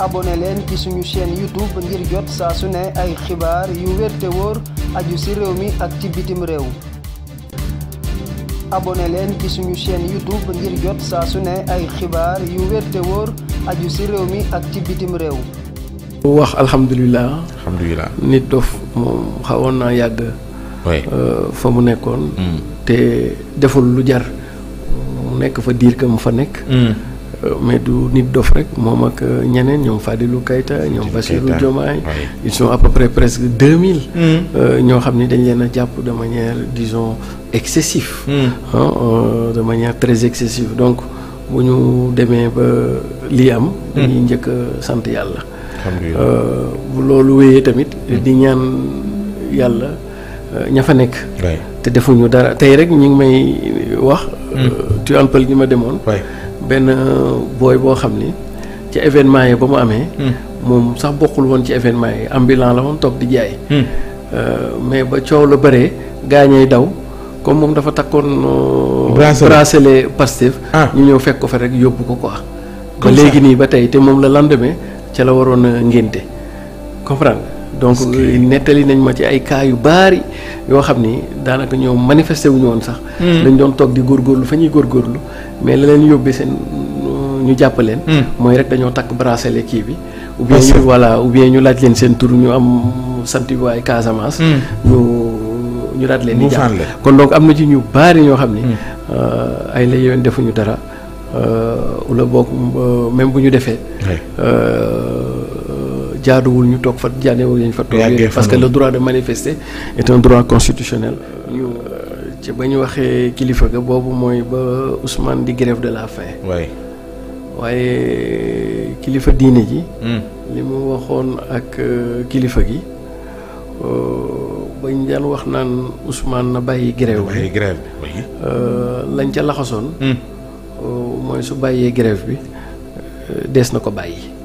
abonné leen ci suñu chaîne YouTube ngir jot saa su ne ay xibaar yu wér wóor aju ci réew mi ak ci bitim réew leen ci suñu chaîne saa su ne ay xibaar yu wér te aju ci réew mi ak ci bitim réew wax alhamdulilah alhamdulilah nit dof moom xawoon naa yàgg euh, fa mu nekkoon mm. te deful lu jar mu nekk fa diir ka mu fa nekk mm. Euh, mais du nit dof rek moom ak euh, ñeneen ñoom Fadilou Keita ñoom Bassirou Diomaye ils sont à peu près presque deux mille mm. euh, ñoo xam ni dañ leen a jàpp de manière disons excessive mm. hein, de manière très excessive donc bu ñu demee ba lii am dañuy mm. njëkk sant yàlla bu loolu wéyee tamit di ñaan yàlla ña fa nekk te defuñu dara tey rek ñu ngi may wax Tivaouane Peulh gi ma demoon benn booy boo xam ni ci événement yi ba mu amee. Hmm. moom sax bokkul woon ci événement yi ambulant la woon toog di jaay. Hmm. Euh, mais ba coow la bëree gaañay daw comme moom dafa takkoon. Euh, bracelet Pastef. Ah. ñu ñëw fekk ko fa rek yóbbu ko quoi. ba léegi nii ba tey te moom la lendemain ca la waroon a ngénte comprendre donc euh, nettali nañ ma ci ay cas yu baari yoo xam ni daanaka ñëw manifesté wuñu woon sax. Hmm. dañ doon toog di góorgóorlu fa ñuy góor góorgóorlu mais la leen yóbbee seen euh, ñu jàpp leen. Hmm. mooy rek dañoo takk bracelet kii bi. ou bien ñu voilà ou bien ñu laaj leen seen tur ñu am sant bi waaye Casamance. Hmm. ñu ñu leen di jàpp kon donc am na ci ñu baari ñoo xam ni. Euh, ay la yoon defuñu dara wala boog même bu ñu defee. jaaduwul ñu toog fa jaaduwul ñu fa toog parce que le droit de manifester est droit constitutionnel euh, ci ba ñu waxee kilifa ga boobu mooy ba Ousmane di grève de la faim waaye kilifa diine ji hmm. li mu waxoon ak euh, kilifa gi euh, bañ daan wax naan Ousmane na bàyyi grève bi lañ ca laxasoon hmm. mooy su bàyyee grève bi dees na ko bàyyi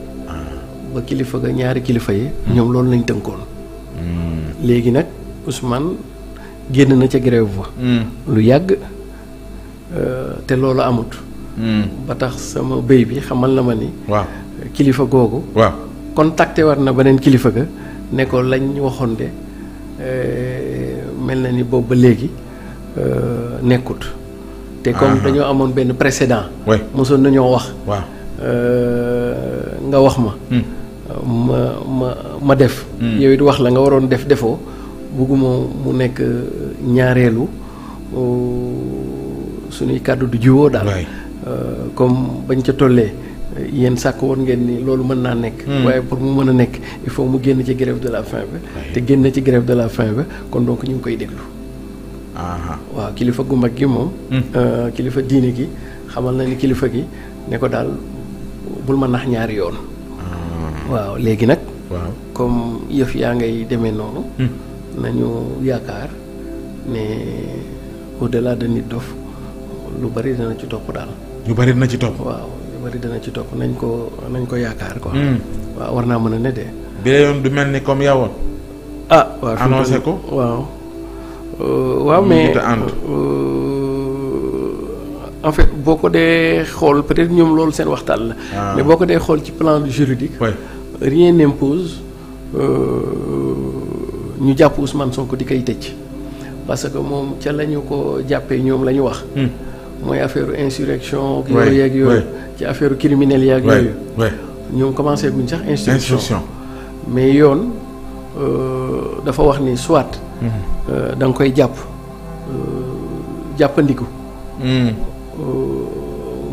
ba kilifa ga ñaari kilifa yi. ñoom loolu nañ tënkoon. léegi nag Ousmane génn na ca grève ba. lu yàgg euh, te loolu amut. ba tax sama béy bi xamal na ma ni. waaw kilifa googu. waaw contacté war na beneen kilifa ga nekkoon lañ waxoon de euh, mel na ni boobu ba léegi euh, nekkut. te comme dañoo amoon benn précédent. mosoon nañoo wax. waaw nga wax ma. Hmm. ma ma ma def. Hmm. yow it wax la nga waroon def defoo bugguma mu nekk ñaareelu suñuy kàddu du jiwoo daal. Euh, comme bañ ca tollee yéen sàkk woon ngeen ni loolu mën naa nekk. Hmm. waaye pour mu mën a nekk il faut mu génn ci grève de la faim bi. te génn ci grève de la faim bi kon donc ñu ngi koy déglu. waaw kilifa gu mag gi moom. Hmm. Euh, kilifa diine gi xamal na ni kilifa gi ne ko daal bul ma nax ñaari yoon. waaw léegi nag. waaw comme yëf yaa ngay demee noonu. Hmm. nañu yaakaar ne au delà de nit dof lu bari dana ci topp daal. lu bari dana ci topp. bari dana ci topp nañ ko nañ ko yaakaar quoi. Hmm. waaw war naa mën a ne de. bi la yoon du mel ni comme yaa woon. Ah, waaw annoncé ko waaw. Euh, waaw mais en fait boo ko dee xool peut-être ñoom loolu seen waxtaan la. Ah. mais boo ko dee xool ci plan juridique. Oui. rien n'impose euh, ñu jàpp soo ko di koy tëj parce que moom ca la ñu ko jàppee ñoom la wax. Hmm. mooy affaire insurrection. yooyu yooyu ci affaire criminelle yeeg yooyu. ñoom commencé guñ sax instruction mais yoon euh, dafa wax ni soit. Hmm. Euh, da nga koy jàpp jàppandiku. Hmm. Euh,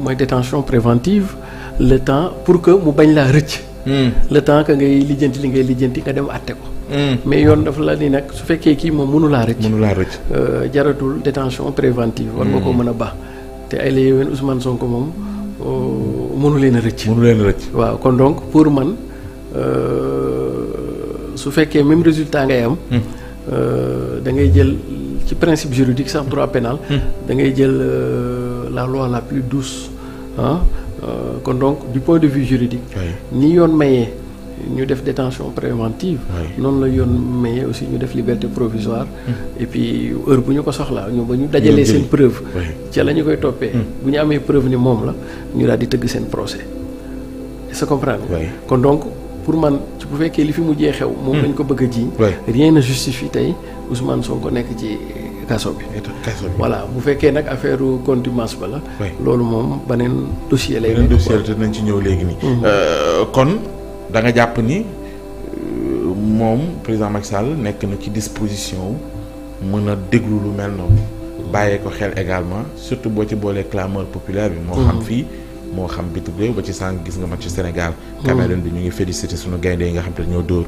mooy détention préventive le temps pour que mu bañ laa rëcc. Hmm. le temps que ngay lijjanti li ngay lijjanti nga dem àtte ko. Hmm. mais yoon daf la ni nag su fekkee kii moom mënu laa rëcc. mënu laa rëcc. Euh, jaratul détention préventive. war nga hmm. ko mën a baax te ay la yeween Ousmane ko moom euh, mënu leen a rëcc. mënu leen a rëcc. waaw kon donc pour man su fekkee même résultat ngay am. da jël. ci principe juridique sax droit pénal hmm. da ngay jël euh, la loi la plus douce ah kon donc du point de vue juridique ni yoon mayee ñu def détention préventive noonu la yoon mayee aussi ñu def liberté provisoire hmm. et puis heure bu ñu ko soxla ñu ba ñu dajalee seen preuve ca la ñu koy toppee hmm. bu ñu amee preuve ni moom la ñu daal di tëgg seen procès est-ce que kon donc pour man ci bu fekkee li fi mu jee xew. moom hmm. lañ ko bëgg a jiiñ. rien ne justifie tey Ousmane Sonko nekk ci kaso bi. voilà bu fekkee nag affaire contimence ba la. loolu moom beneen dossier lay. beneen dossier te nañ ci ñëw léegi nii. Hmm. Euh, kon da nga jàpp ni euh, moom président Macky Sall nekk na ci disposition mën a déglu lu mel noonu. Hmm. bàyyee ko xel également surtout boo ci boolee clameur populaire bi. moo xam fii. moo xam bitim réew ba ci sànq gis nga match Sénégal hmm. Cameroun bi ñu ngi félicité suñu gaynde yi nga xam te ñoo dóor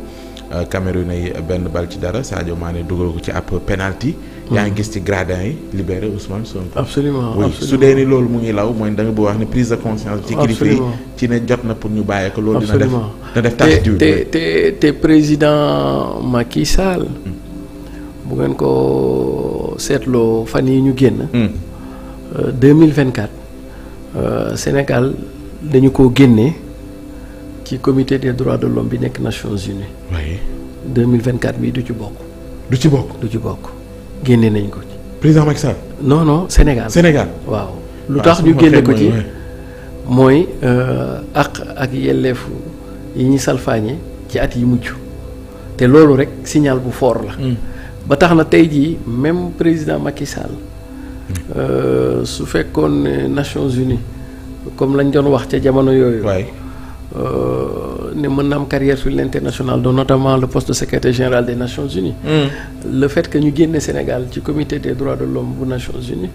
euh, Cameroun ay benn bal ci dara Sadio Mané dugal ko ci ab penalty hmm. yaa ngi gis ci gradin yi libéré Ousmane Sonko absolument oui su dee ni loolu mu ngi law mooy da nga bëgg wax ne prise de conscience ci kilifa yi ci ne jot na pour ñu bàyyi ko loolu dina def dina def tentative te te te président Macky Sall hmm. bu ngeen ko seetloo fan yi ñu génn 2024 euh, Euh, Sénégal dañu ko génne ci commité des droits de l'homme bi nekk Nations Unies. oui 2024 bii du ci bokk. du ci bokk du ci bokk génne nañ ko ci. président Macky noonu Sénégal. Sénégal waaw. lu ah, tax ñu génne ko ci mooy euh, àq ak yelleefu yi ñuy salfaañe ci at yi mujj te loolu rek signal bu foor la. Hmm. ba tax na tey jii même président Macky Euh, su fekkoon ne Nations Unies comme lañ doon wax ca jamono yooyu. Euh, ne mën na am carrière sur l'international dont notamment le poste de secrétaire général des Nations Unies. Mm. le fait que ñu génne Sénégal ci comité des droits de l'homme bu Nations Unies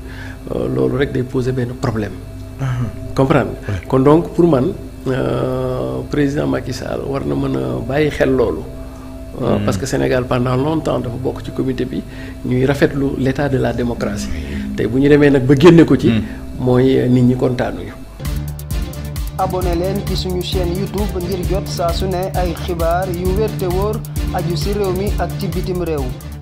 euh, loolu rek day poser benn problème. Uh comprendre kon donc pour man euh, président Macky Sall war na mën a bàyyi xel loolu. Hmm. parce que Sénégal pendant longtemps dafa bokk ci comité bi ñuy rafetlu l'état de la démocratie. tey bu ñu demee nag ba génne ko ci. Hmm. mooy eh, nit ñi kontaanuñu. abonné leen ci suñu chaîne YouTube ngir jot saa su ne ay xibaar yu wér woor wóor aju ci réew mi ak ci bitim réew.